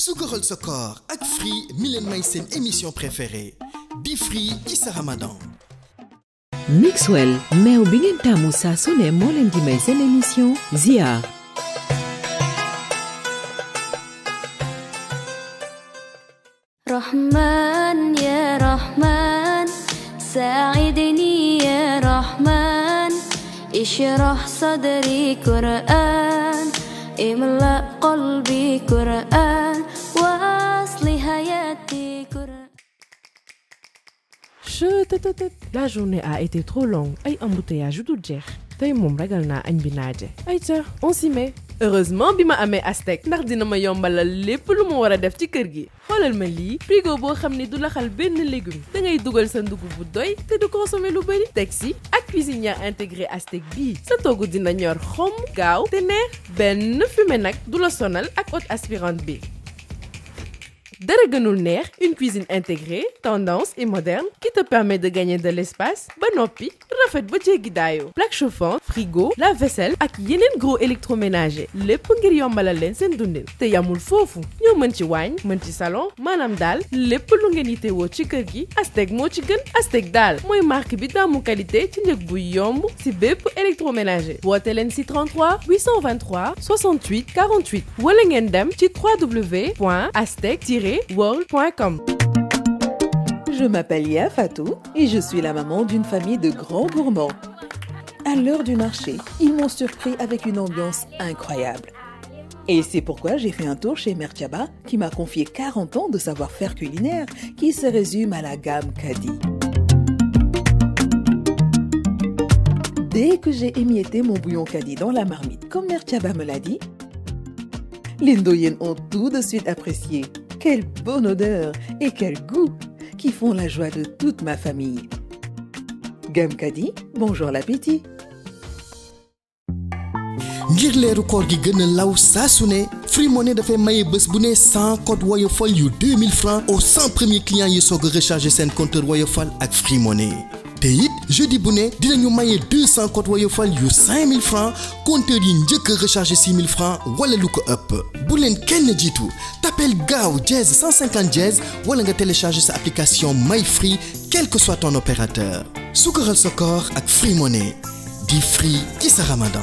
sukaral sa koor ak Free mi leen may seen émission préférée di Free ci sa ramadan Mixwell meew bi ngeen taamu saa su ne moo leen di may seen émission ziar rahman ya rahman saidni ya rahman ishrah sadri quran imla qalbi quran tëtëtët la journée a été trop longue ay embouteillage yu dul jeex tey moom ragal naa añ bi naaje ay ca on s'y met heureusement bi ma amee Aztec ndax dina ma yombalal lépp lu ma war a def ci kër gi xoolal ma lii frigo boo xam ni du laxal benn légume da dugal sa ndugg bu doy te du consommer lu bëri teg si ak si cuisinière intégrée Aztec bii sa togg dina ñor xom gaaw te neex benn fumée nag du la sonal ak haute aspirante bi dara gënul neex une cuisine intégrée tendance et moderne qui te permet de gagner de l'espace ba noppi rafet ba jéggi daayoo plaque chauffante frigo lave-vaisselle ak yeneen gros électroménager lépp ngir yombalal leen seen dundin te yamul foofu ñoo mën ci waañ mën ci salon maanaam daal lépp lu ngeen yitewoo ci kër gi Astec moo ci gën Astec daal mooy marque bi taamu qualité ci njëg bu yomb si bépp électroménager woote leen si 33 823 68 48 wala ngeen dem ci www.astec- www.world.com. Je m'appelle Lia et je suis la maman d'une famille de grands gourmands. À l'heure du marché, ils m'ont surpris avec une ambiance incroyable. Et c'est pourquoi j'ai fait un tour chez Mertiaba qui m'a confié ans de savoir-faire culinaire qui se résume à la gamme Kadi. Dès que j'ai émietté mon bouillon Kadi dans la marmite, comme Mertiaba me l'a dit, les Ndoyen ont tout de suite apprécié. Quelle bonne odeur et quel goût qui font la joie de toute ma famille. Gamkadi, bonjour l'appétit. ngir leeru koor gi gën a law saa su ne Free Money dafay maye bés bu ne 100 code Woyofal yu 2000 francs aux 100 premiers clients yi soog a recharger seen compteur ak Free Money te it jeudi bu ne dinañu maye 200 code Woyo Fall yu 5000 francs compteur yi njëkk a rechargé 6000 francs wala lu ko ëpp bu leen kenn jiitu tapel gaaw dièse 150 dièse wala nga téléchargé sa application My Free quel que soit ton opérateur sukkaral sa ak Free Money di free ci Ramadan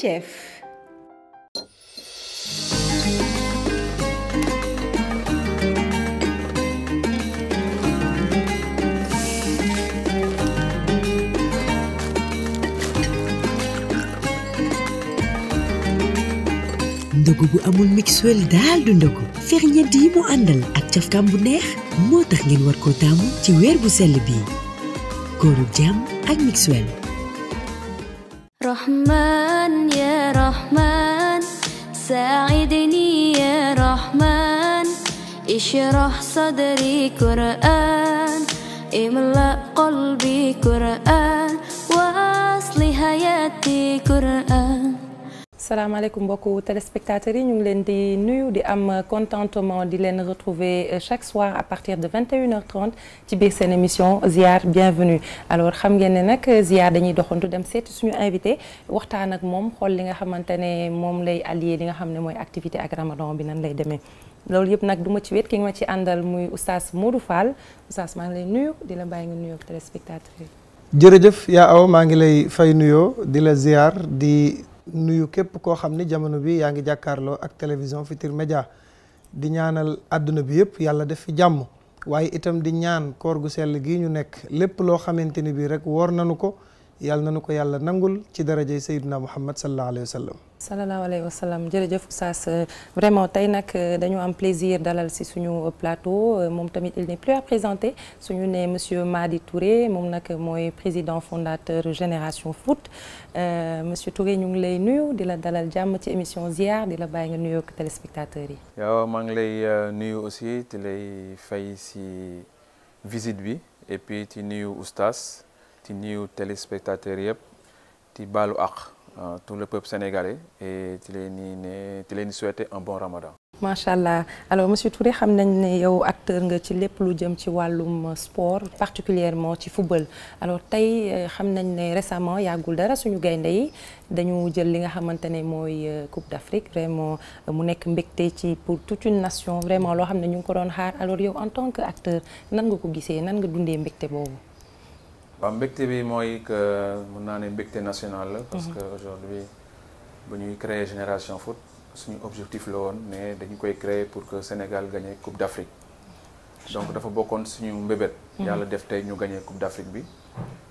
chef. ndogu bu amul mixuel daal du ndogu ferñeent yi mu àndal ak cafkaam bu neex moo tax ngeen war koo taamu ci weer bu sell bii kóoru jàmm ak mixuel رحمن يا رحمن ساعدني يا رحمن اشرح صدري قرآن املأ قلبي قرآن واصل حياتي قرآن salaamaaleykum mbokku téléspectateurs yi ñu ngi leen di nuyu di am contentement di leen retrouver euh, chaque soir à partir de 21h30 ci biir seen émission Ziar bienvenue alors xam ngeen ne nag euh, Ziar dañuy doxantu dem seeti suñu invité waxtaan ak moom xool li nga xamante ne moom lay allier li nga xam ne mooy activité ak ramadan bi nan lay demee. loolu yëpp nag duma ci wet ki nga ma ci àndal muy oustaz Modou Fall oustaz maa ngi lay nuyu di la bàyyi nga nuyu ak téléspectateurs yi. maa ngi lay fay nuyoo di la ziar di. nuyu képp koo xam ni jamono bi yaa ngi jàkkaarloo ak télévision Futurs Médias di ñaanal àdduna bi yëpp yàlla def fi jàmm waaye itam di ñaan koor gu sell gi ñu nekk lépp loo xamante ni bii rek woor nanu ko yàlla na nu ko yàlla nangul ci darajay sayyidina muhammad sallallahu alayhi wa sallam. sallallahu alayhi wa sallam jërëjëf Oustaz vraiment tey nag euh, dañu am plaisir dalal si suñu euh, plateau euh, moom tamit il n'est plus à présenter suñu ne monsieur Madi Touré moom nag mooy président fondateur Génération Foot monsieur Touré ñu ngi lay nuyu di la dalal jàmm ci émission ziar di la bàyyi nga nuyoog téléspectateurs yi. waaw maa ngi lay nuyu aussi di lay fay si visite bi et puis ci nuyu Oustaz. di nuyu téléspectateurs yëpp di baalu ak euh, tout le peuple sénégalais et di leen di ne di leen di souhaiter un bon ramadan. macha allah alors monsieur Touré xam nañ ne yow acteur nga ci lépp lu jëm ci wàllum sport particulièrement ci football alors tey euh, xam nañ ne récemment yàggul dara suñu gaynde yi dañu jël li nga xamante ne mooy euh, Coupe d'Afrique vraiment mu nekk mbégte ci pour toute une nation vraiment loo xam ne ñu ngi ko doon xaar alors yow en tant que acteur nga ko gisee nan dundee mbégte waaw mbégte bi mooy que mun naa ne mbégte national la. parce mhm. que aujourd'hui bu ñuy créer génération foot suñu objectif la woon mais dañu koy créer pour que Sénégal gagne coupe d'Afrique donc dafa bokkoon suñu mbébét. Mhm. yàlla def tey ñu gagne coupe d'Afrique bi.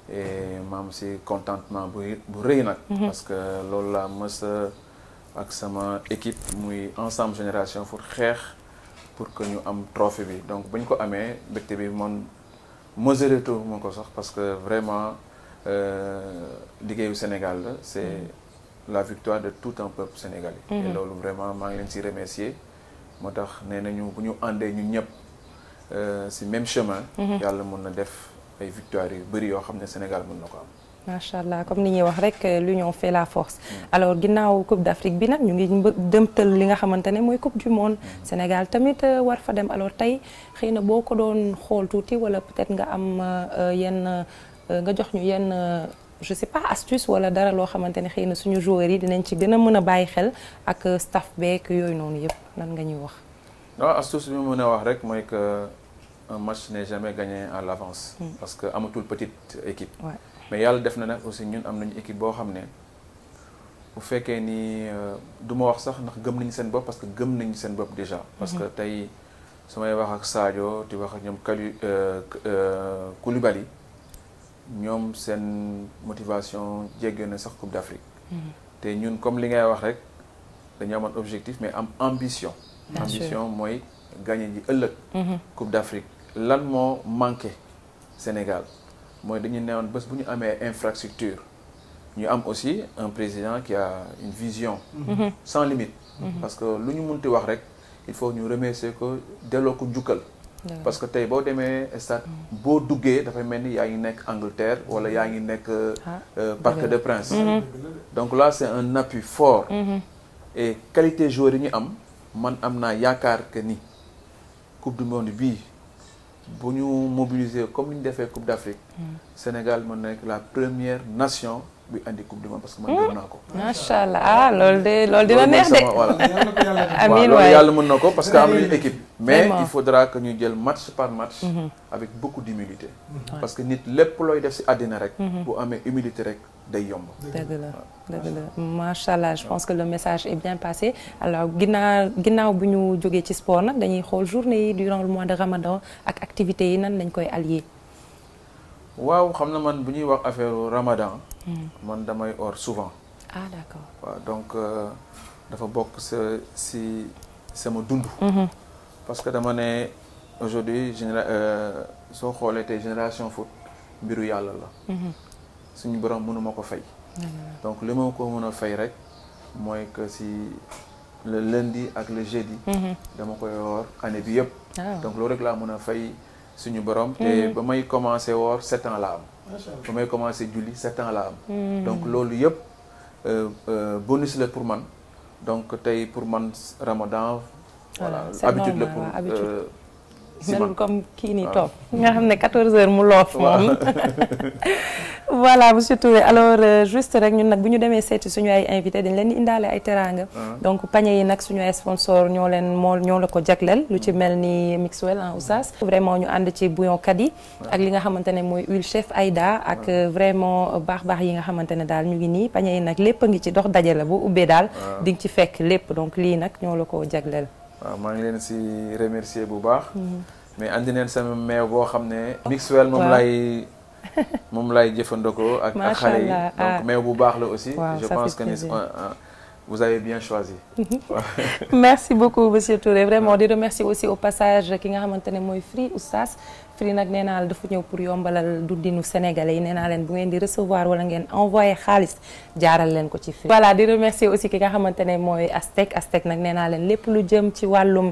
et maam si contentement bu bu rëy nag. Mhm. parce que loolu laa mës ak sama équipe muy ensemble génération foot xeex pour que ñu am trophée bi donc bu ñu ko amee mbégte bi moom. mesuré moo ko sax parce que vraiment euh, liggéeyu Sénégal la c' est mm. la victoire de tout un peuple sénégalais. Mm-hmm. et loolu vraiment maa ngi leen si remercier moo tax nee nañu bu ñu àndee ñun ñëpp si euh, même chemin. Mm-hmm. yàlla mun na def ay victoire yu bëri yoo xam ne Sénégal mun na ko am. macha allah comme ni ñuy wax rek euh, l'union fait la force alors ginnaaw Coupe d'Afrique bi nag ñu ngi dëmtal li nga xamante ne mooy Coupe du monde Sénégal tamit euh, war fa dem alors tey xëy na boo ko doon xool tuuti wala peut-être nga am euh, yenn nga jox ñu yenn je sais pas astuce wala dara loo xamante ne xëy na suñu joueurs yi dinañ ci gën a mën a bàyyi xel ak staff beeg yooyu noonu yëpp lan nga ñuy wax. waaw astuce bi ma mën a wax rek mooy que un match n'est jamais gagné à l'avance. Hmm. amatul mais yàlla def na nag aussi ñun am nañu équipe boo xam ne bu fekkee ni euh, du ma wax sax ndax gëm nañu seen bopp parce que gëm nañu seen bopp déjà. Mhm. parce que tey su may wax ak Sadio di wax ak ñoom Kalu euh, euh, Koulibaly ñoom seen motivation jéggi na sax Coupe d'Afrique. Mhm. te ñun comme li ngay wax rek dañoo amoon objectif mais am ambition. ambition mooy gagné ji ëllëg. Mhm. Coupe d'Afrique lan moo manqué Sénégal. mooy dañu neewoon bés bu ñu amee infrastructure ñu am aussi un président qui a une vision mhm. sans limite mhm. parce que lu ñu munti wax rek il faut ñu remercier ko delloo ko njukkal parce que tey boo demee stade boo duggee dafay mel ni yaa ngi nekk Angleterre wala yaa ngi nekk ah, euh, Parc des Princes mhm. donc là c'est un appui fort et qualité joueur yi ñu am man am naa yaakaar que ni coupe du monde bii bu ñu mobiliser comme ni ñu defee Coupe d'Afrique mm. Sénégal mën na nekk la première nation bi andi coupe du monde parce que man gëm naa ko. Mm. macha allah ah loolu de loolu dina neex de. voilà amiin waay yàlla mën na ko parce que am nañu mais il faudra que ñu jël match par match. Mhm. avec beaucoup d'humilité. Mhm. parce que nit lépp looy def ci àddina rek. Mhm. bu amee humilité rek day yomb. dëgg la dëgg la macha je pense que le message est bien passé alors ginnaaw ginnaaw bu ñu jógee ci sport nag dañuy xool journée yi durant le mois de Ramadan ak activité yi nan lañ koy allier. waaw xam na man bu ñuy wax affaire Ramadan. man damay or souvent. ah donc euh, dafa bokk sa si sama dund. parce que dama ne aujourd'hui euh, soo xoolee tey génération foot mbiru yàlla la mhm. suñu borom mënuma ko fay mhm. donc li ma ko mën a fay rek mooy que si le lundi ak le jeudi mhm. dama koy woor année bi yëpp ah. donc loolu rek laa mën a fay suñu borom te ba may commencé woor sept la am ba may commencé julli sept la am donc loolu yëpp euh, euh, bonus la pour man donc tey pour man ramadan voilà habitude la pour euh, melul comme kii nii ah. toog nga xam ne 14h mu loof moom voilà monsieur Touré alors euh, juste rek ñun nag bu ñu demee seeti suñu ay invité dañ leen di indaale ay teraanga ah. donc pañe yi nag suñu ay sponsor ñoo leen moo ñoo la ko jagleel lu ci mm. mel ni Mixwell en Oustaz vraiment ñu ànd ci bouillon kat yi ah. ak li nga xamante ne mooy huile chef Aïda ak euh, vraiment baax baax yi nga xamante ne daal ñu ngi nii pañe yi nag lépp a ngi ci dox dajale bu ubbee daal di ci fekk lépp donc lii nag ñoo la ko jagleel waaw maa ngi leen si remercier bu baax. Mhm. mais andi neen sama meew boo xam ne. mixwell moom lay moom lay jëfandikoo. ak ak xale yi donc ah. meew bu baax la aussi. je pense que ni vous avez mhm. merci beaucoup monsieur Touré vraiment di remercier aussi au passage ki nga xamante ne mooy Free Oustaz Free nag nee naa la dafa ñëw pour yombalal du dinu sénégale yi nee naa leen bu ngeen di recevoir wala ngeen envoyé xaalis jaaral leen ko ci Free. voilà di remercier aussi ki nga xamante ne mooy Aztec Aztec nag nee naa leen lépp lu jëm ci wàllum.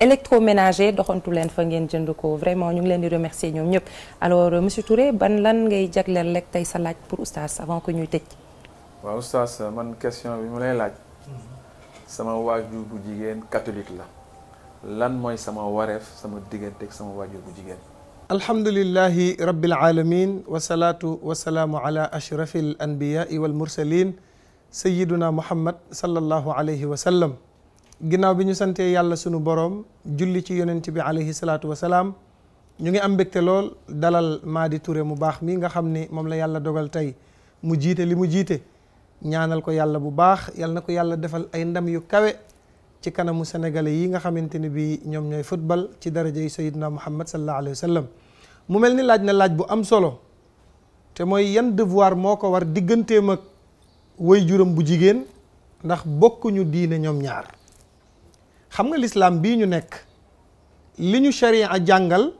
électroménager doxantu leen fa ngeen jënd ko vraiment ñu ngi leen di remercier ñoom ñëpp alors monsieur tour ban lan ngay jagleel rek tey sa laaj pour oustaz avant que ñuy waaw oustaz man question bi mu lay laaj mm-hmm. sama waajur bu jigéen katolik la lan mooy sama wareef sama diggante ak sama waajur bu jigéen alhamdulillahi rabbil alamin wasalaatu wasalaamu ala ashrafi al anbiyai wal mursalin sayiduna muhammad sallallahu alayhi wa sallam ginnaaw bi ñu santee yàlla sunu borom julli ci yonent bi alayhi salaatu wasalaam ñu ngi am mbégte lool dalal Mady ture mu baax mii nga xam ni moom la yàlla dogal tey mu jiite li mu jiite ñaanal ko yàlla bu baax yàlla na ko yàlla defal ay ndam yu kawe ci kanamu sénégalais yi nga xamante ni bi ñoom ñooy football ci daraja yi sayidna muhammad sallallahu alayhi wa sallam mu mel ni laaj na laaj bu am solo te mooy yan devoir moo ko war digganteem ak way juram bu jigéen ndax bokkuñu diine ñoom ñaar xam nga lislaam bii ñu nekk li ñu sharia jàngal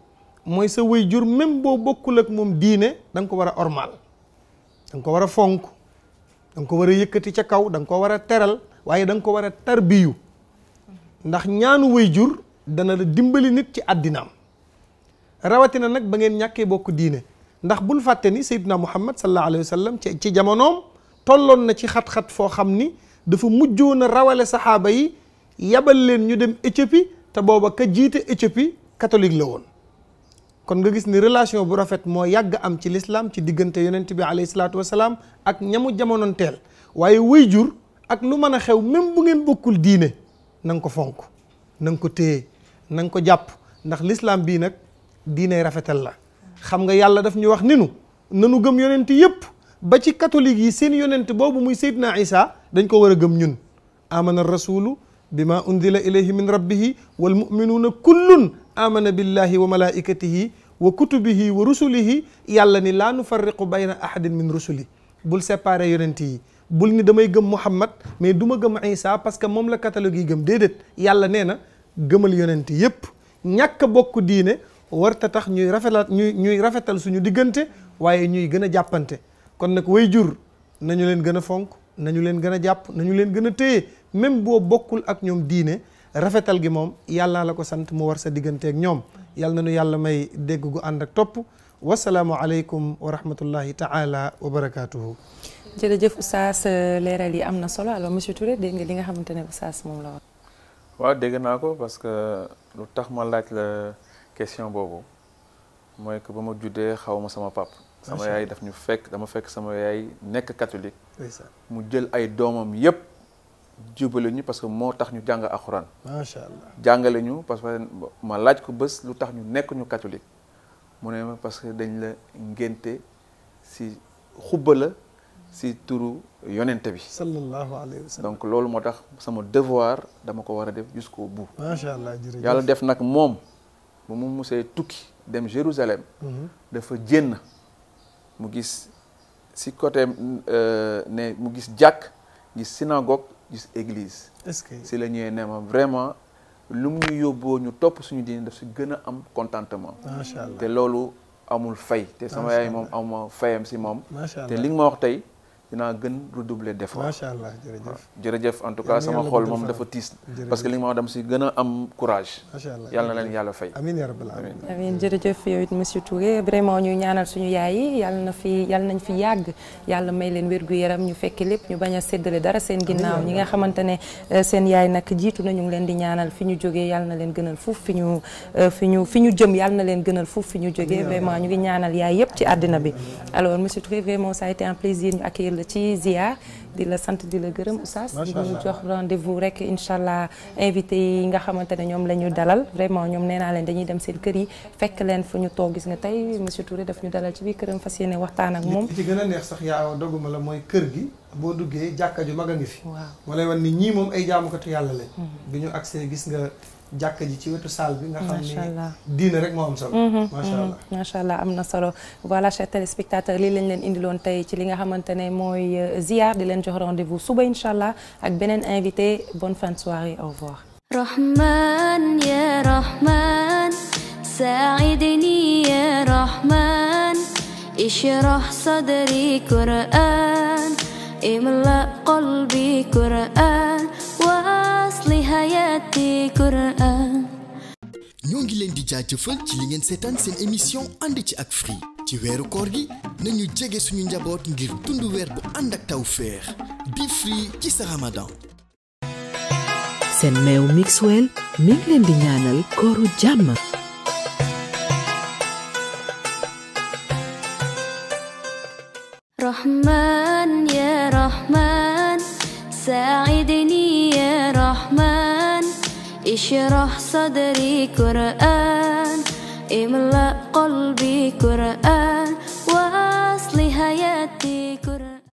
mooy sa way jur même boo bokkul ak moom diine da nga ko war a ormal da ko war a fonk danga ko war a yëkkati ca kaw danga nga ko war a teral waaye da nga ko war a tarbiyu ndax ñaanu jur dana la dimbali nit ci àddinaam rawatina nag ba ngeen ñàkkee bokk diine ndax bul fàtte ni Seydina Muhammad sallallahu alayhi wa sallam ci ci jamonoom tolloon na ci xat-xat foo xam ni dafa mujjoon a rawale saxaaba yi yabal leen ñu dem Éthiopie te booba ka jiite Éthiopie catholique la woon. kon nga gis ni relation bu rafet moo yàgg am ci lislaam ci diggante yonent bi alayhi salaatu wasalaam ak ñamu jamonoon teel waaye way jur ak lu mën a xew même bu ngeen bokkul diine na ko fonk na nga ko téye na ko jàpp ndax lislaam bii nag diine rafetal la xam nga yàlla daf ñu wax ni nu nanu gëm yonent yépp ba ci catholique yi seen yonent boobu muy Seydina Isa dañ ko war a gëm ñun amana rasulu bima unzila ilayhi min rabbihi wal muminuuna kullun amana billahi wa malaikatihi wa kutubihi wa rusulihi yàlla ni laa nufarriqu bayna ahadin min rusuli bul séparé yonent yi bul ni damay gëm Muhammad mais duma ma gëm Isa parce que moom la catalogue yi gëm déedéet yàlla nee na gëmal yonent yépp ñàkk bokk diine warta tax ñuy rafetal ñuy ñuy rafetal suñu diggante waaye ñuy gën a jàppante kon nag way jur nañu leen gën a fonk nañu leen gën a jàpp nañu leen gën a téye même boo bokkul ak ñoom diine rafetal gi moom yàlla la ko sant mu war sa diggante ak ñoom yàlla ñu yàlla may dégg gu ànd ak topp wasalaamu aleykum wa rahmatullahi taala wa barakaatuhu. jërëjëf Oustaz leeral yi am na solo alors monsieur Touré dégg li nga xamante ne Oustaz moom la wax. dégg naa ko parce que lu tax ma laaj la question boobu mooy que ba ma juddee xaw ma sama pap sama yaay daf ñu fekk dama fekk sama yaay nekk catholique. mu jël ay doomam yépp jubale ñu parce que moo tax ñu jàng alxuraan. macha allah jàngale ñu parce que ma laaj ko bés lu tax ñu nekkuñu ñu mu ne ma parce que dañ la ngénte si xubba la si turu yonente bi. sallallahu alayhi donc loolu moo tax sama devoir dama ko war a def jusqu'au bout. macha allah jërëjëf yàlla def nag moom bu mu musee tukki dem Jérusalem. Mhm. dafa jénn mu gis si côté euh, ne mu gis jàkk gis synagogue. gis église. est-ce que si la ñuy ne ma vraiment lu mu ñu yóbboo ñu topp suñu diine daf si gën a am contentement. macha te loolu amul fay. te sama yaay moom amuma fayam si moom. te li nga ma wax tey. dinaa gën redoubler d'effort. macha allah jërëjëf jërëjëf en tout cas sama xol moom dafa tiis. parce que li nga ma dem si gën a am courage. macha allah yal na leen yàlla fay. amiin yaa rabbal aalamiin amiin jërëjëf yow it monsieur Touré vraiment ñu ñaanal suñu yaay yi yal na fi yal nañ fi yàgg yàlla may leen wér gu yaram ñu fekk lépp ñu bañ a séddale dara seen ginnaaw ñi nga xamante ne euh, seen yaay nag jiitu na ñu ngi leen di ñaanal fi ñu jógee yal na leen gënal fuuf fi ñu euh, fi ñu fi ñu jëm yal na leen gënal fuuf fi ñu jógee vraiment ñu ngi ñaanal yaay yëpp ci àddina bi alors monsieur Touré vraiment ça a été un plaisir ñu accueillir ci ziar di la sant di la gërëm oustaz di ñu jox rendez rek incha allah invité yi nga xamante ne ñoom la ñu dalal vraiment ñoom nee naa leen dañuy dem seen kër yi fekk leen fu ñu toog gis nga tey monsieur Touré daf ñu dalal ci biir këram fas yéene waxtaan ak moom li ci gën a neex sax yaa doguma la mooy kër gi boo duggee jàkka ju mag a ngi fi waaw moo lay wan ni ñii moom ay jaamukatu yàlla lañ mm-hmm. bi ñu agsee gis nga jàkka ji ci wetu salle bi nga xam ne diine rek moo am solo mhm. mhm. macha allah macha allah am na solo voilà chers téléspectateurs lii lañ leen indiloon tey ci li nga xamante ne mooy euh, ziar di leen jox rendez-vous suba incha allah ak beneen invité bonne fin de soirée au revoir rahman ya rahman saidni ya rahman ishrah sadri quran imla qalbi quran ayati ñoo ngi leen di jaajëfal ci li ngeen seetaan seen émission ànd ci ak Free ci weeru koor gi nañu jege suñu njaboot ngir tund weer bu ànd ak tawféex bi di jàmm اشرح صدري قرآن املأ قلبي قرآن